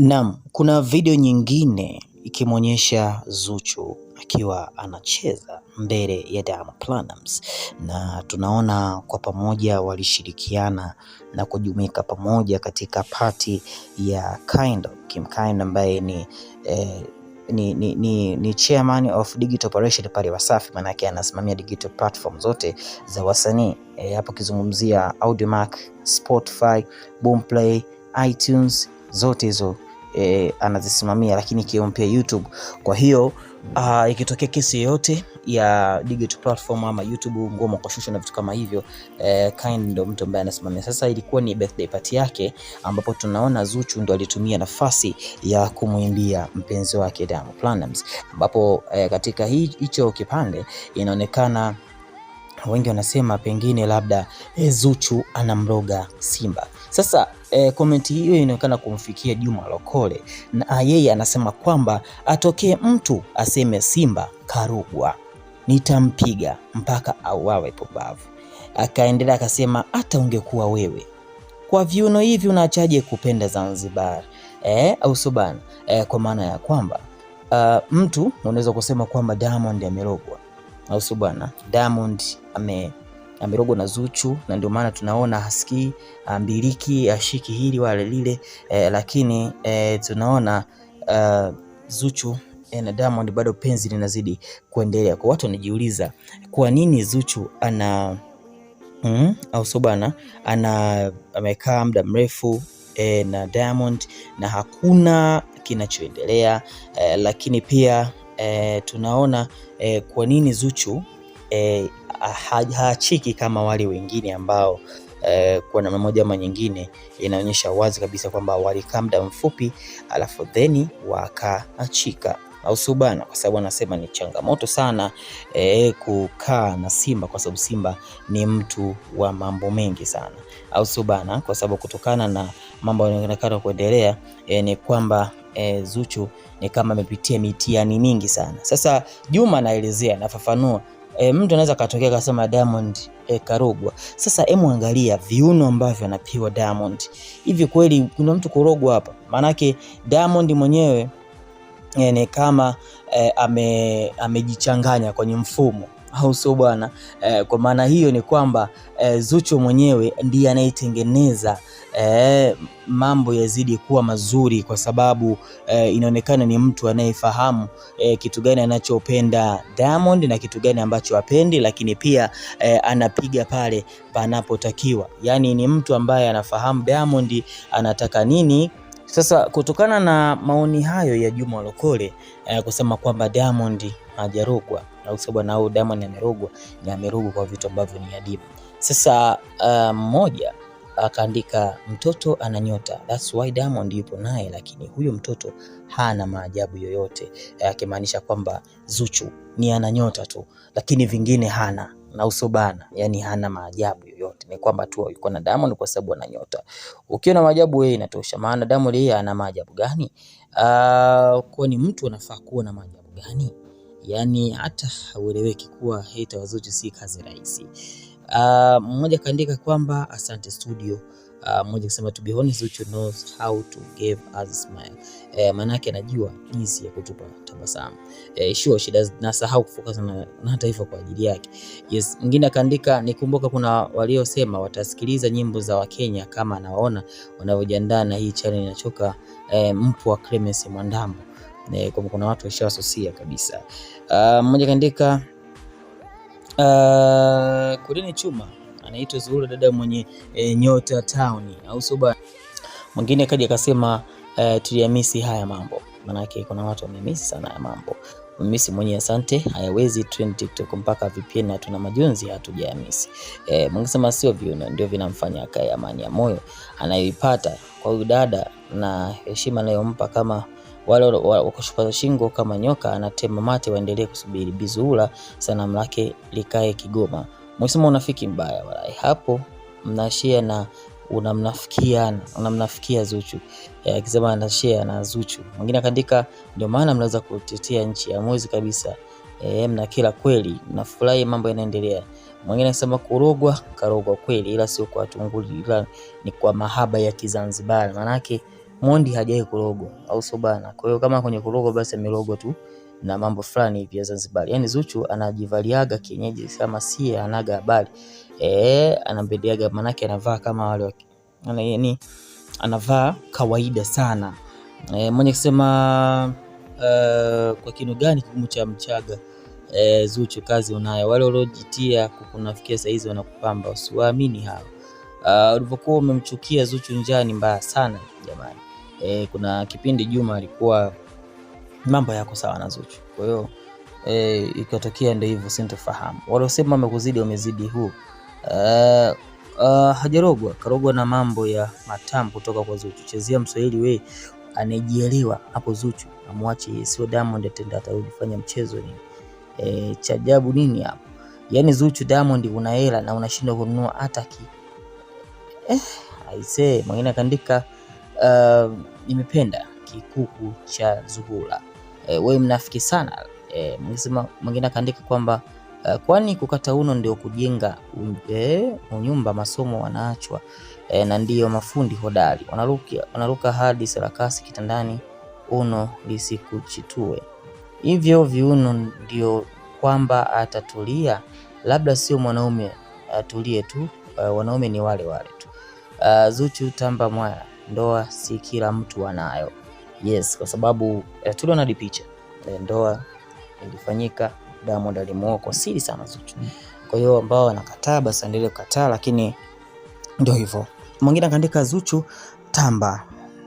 Naam, kuna video nyingine ikimwonyesha Zuchu akiwa anacheza mbele ya Diamond Platnumz na tunaona kwa pamoja walishirikiana na kujumuika pamoja katika pati ya Kindo, Kim Kindo ambaye ni eh, ni, ni, ni, ni chairman of digital operation pale Wasafi, maanake anasimamia digital platform zote za wasanii eh, hapo, e, akizungumzia Audiomack, Spotify, Boomplay, iTunes zote hizo e, anazisimamia, lakini ikiwemo pia YouTube. Kwa hiyo uh, ikitokea kesi yoyote ya digital platform ama YouTube ngoma shusha na vitu kama hivyo eh, Kind ndo mtu ambaye anasimamia. Sasa ilikuwa ni birthday party yake, ambapo tunaona Zuchu ndo alitumia nafasi ya kumwimbia mpenzi wake Diamond Platnumz, ambapo eh, katika hicho kipande inaonekana wengi wanasema pengine labda eh, Zuchu anamroga Simba sasa e, komenti hiyo inaonekana kumfikia Juma Lokole na ah, yeye anasema kwamba atokee mtu aseme Simba karugwa, nitampiga mpaka auawe pumbavu. Akaendelea akasema hata ungekuwa wewe kwa viuno hivi unaachaje kupenda Zanzibar eh, au subana e, eh, kwa maana ya kwamba uh, mtu unaweza kusema kwamba Diamond amerogwa, au subana Diamond ame amerogwa na Zuchu, na ndio maana tunaona hasikii ambiliki ah, ashiki ah, hili wala lile eh, lakini eh, tunaona uh, Zuchu eh, na Diamond bado penzi linazidi kuendelea. Kwa watu wanajiuliza kwa nini Zuchu ana mm, au sio bana, ana amekaa muda mrefu eh, na Diamond na hakuna kinachoendelea eh, lakini pia eh, tunaona eh, kwa nini Zuchu eh, haachiki kama wale wengine ambao eh, kwa namna moja ama nyingine inaonyesha wazi kabisa kwamba walikaa muda mfupi alafu theni wakaachika au subana, kwa sababu anasema ni changamoto sana e, kukaa na Simba kwa sababu Simba ni mtu wa mambo mengi sana, au subana, kwa sababu kutokana na mambo yanayoonekana kuendelea e, ni kwamba e, Zuchu ni kama amepitia mitihani mingi sana. Sasa Juma anaelezea, anafafanua E, mtu anaweza katokea akasema Diamond e, karogwa. Sasa hemu angalia viuno ambavyo anapiwa Diamond. Hivi kweli kuna mtu kurogwa hapa? Maanake Diamond mwenyewe e, ni kama e, ame, amejichanganya kwenye mfumo au sio bwana? eh, kwa maana hiyo ni kwamba eh, Zuchu mwenyewe ndiye anayetengeneza eh, mambo yazidi kuwa mazuri, kwa sababu eh, inaonekana ni mtu anayefahamu eh, kitu gani anachopenda Diamond na kitu gani ambacho apendi lakini pia eh, anapiga pale panapotakiwa. Yaani ni mtu ambaye anafahamu Diamond anataka nini sasa kutokana na maoni hayo ya Juma Lokole eh, kusema kwamba Diamond hajarogwa au sababu nao Diamond amerogwa, ni amerogwa kwa vitu ambavyo ni adimu. Sasa eh, mmoja uh, akaandika mtoto ana nyota, that's why Diamond yupo naye, lakini huyo mtoto hana maajabu yoyote, eh, akimaanisha eh, kwamba Zuchu ni ana nyota tu, lakini vingine hana na uso bana, yani hana maajabu yoyote, ni kwamba tu yuko na Diamond kwa sababu ana nyota. Ukiwa na maajabu wewe inatosha, maana Diamond yeye ana maajabu gani? Ah, kwa ni mtu anafaa kuwa na maajabu gani? Yani hata haueleweki kuwa hata wazuri si kazi rahisi. Ah, mmoja kaandika kwamba asante studio mmoja ah, akisema to be honest Zuchu knows how to give us a smile. Eh, maana yake anajua jinsi ya kutupa tabasamu. Eh, sure she does nasahau kufocus na, na taifa kwa ajili yake. Yes, mwingine akaandika nikumbuka kuna waliosema watasikiliza nyimbo za Wakenya kama anaona wanavyojiandaa na hii challenge inachoka eh, mpwa Clemence Mwandambo. Eh, kwa kuna watu washawasusia kabisa. Uh, mmoja kaandika uh, ah, kulini chuma anaitwa Zuhura, dada mwenye e, nyota town, au sio bwana? Mwingine kaja akasema e, eh, tuliamisi haya mambo, manake kuna watu wamemisi sana haya mambo misi mwenye asante hayawezi trend TikTok mpaka VPN na tuna majonzi hatujayamisi. Eh, mngesema sio viuno ndio vinamfanya akae amani ya moyo anayoipata kwa huyu dada na heshima anayompa kama wale wakushupaza shingo kama nyoka anatema mate, waendelee kusubiri. Bizuhura sanamu lake likae Kigoma. Mnasema unafiki mbaya walai, hapo mnashia na unamnafikiana unamnafikia Zuchu eh, akisema anashare na Zuchu. Mwingine akaandika ndio maana mnaweza kutetea nchi ya mwezi kabisa e, mna kila kweli, nafurahi mambo yanaendelea. Mwingine akisema kurogwa karogwa kweli, ila sio kwa tunguli, ila ni kwa mahaba ya Kizanzibari, manake Mondi hajai kurogwa, au sio bana? Kwa hiyo kama kwenye kurogwa, basi amerogwa tu na mambo fulani hivi ya Zanzibar. Yaani Zuchu anajivaliaga kienyeji kama si anaga habari e, anambedeaga manake anavaa kama wale wa ana yani anavaa kawaida sana e, mwenye kusema uh, kwa kinu gani kigumu cha Mchaga e, Zuchu kazi unayo, wale waliojitia kukunafikia saa hizi wanakupamba usiwaamini hao. Uh, ulivyokuwa umemchukia Zuchu njani mbaya sana jamani. E, kuna kipindi Juma alikuwa mambo yako sawa na Zuchu. Kwa hiyo e, ikatokea ndio hivyo, sintofahamu waliosema wamekuzidi wamezidi. Huu uh, uh, hajarogwa karogwa na mambo ya matamu kutoka kwa Zuchu. Chezea Mswahili we anejielewa hapo. Zuchu amwache, sio Diamond atenda atarudi fanya mchezo nini? E, cha ajabu nini hapo? Yaani Zuchu, Diamond una hela na unashindwa kununua hata ki eh, aisee. Mwingine akaandika uh, nimependa kikuku cha zugula E, we mnafiki sana. E, mwingine akaandika kwamba e, kwani kukata uno ndio kujenga um, e, unyumba. Masomo wanaachwa e, na ndiyo mafundi hodari wanaruka, wanaruka hadi sarakasi kitandani uno lisikuchitue. Hivyo viuno ndio kwamba atatulia, labda sio mwanaume atulie tu. Uh, wanaume ni wale wale tu. Uh, Zuchu tamba mwaya, ndoa si kila mtu anayo. Yes, kwa sababu eh, tuliona hadi picha eh, ndoa ilifanyika, Diamond alimuoa kwa siri sana Zuchu. Mm. Kwa hiyo ambao wanakataa basi endelee kukataa, lakini ndio hivyo. Mwingine akaandika Zuchu tamba.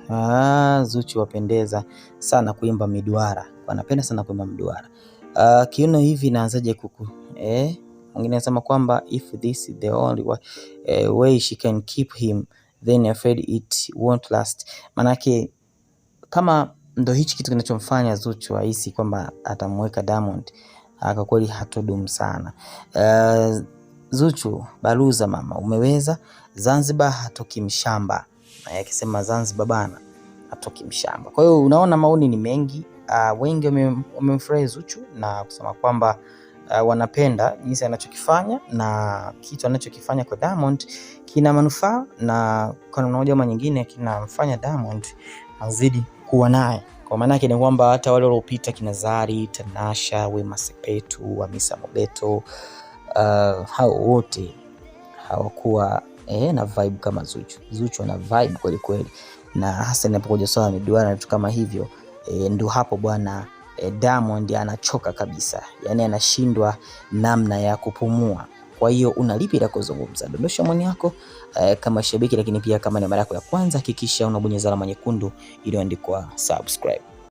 Ah, Zuchu wapendeza sana kuimba miduara, wanapenda sana kuimba miduara. Uh, kiuno hivi naanzaje kuku eh? Mwingine anasema kwamba if this is the only way, uh, eh, way she can keep him then afraid it won't last, manake kama ndo hichi kitu kinachomfanya Zuchu ahisi kwamba atamweka Diamond, kwa kweli hatodumu sana. Uh, Zuchu baluza mama, umeweza. Zanzibar hatoki mshamba, akisema Zanzibar bana hatoki mshamba. Kwa hiyo unaona maoni ni mengi. Uh, wengi wamemfurahi Zuchu na kusema kwamba uh, wanapenda jinsi anachokifanya na kitu anachokifanya kwa Diamond kina manufaa na kwa namna moja ama nyingine kinamfanya Diamond azidi kuwa naye. Kwa maana yake ni kwamba hata wale waliopita kina Zari, Tanasha, Wema Sepetu, Hamisa Mobeto, uh, hao wote hawakuwa eh, na vibe kama Zuchu. Zuchu ana vibe kweli kweli, na hasa inapokuja swala la miduara na vitu kama hivyo eh, ndo hapo bwana eh, Diamond anachoka kabisa, yaani anashindwa namna ya kupumua. Kwa hiyo unalipi la kuzungumza, dondosha maoni yako eh, kama shabiki, lakini pia kama ni mara yako ya kwanza, hakikisha unabonyeza alama nyekundu iliyoandikwa subscribe.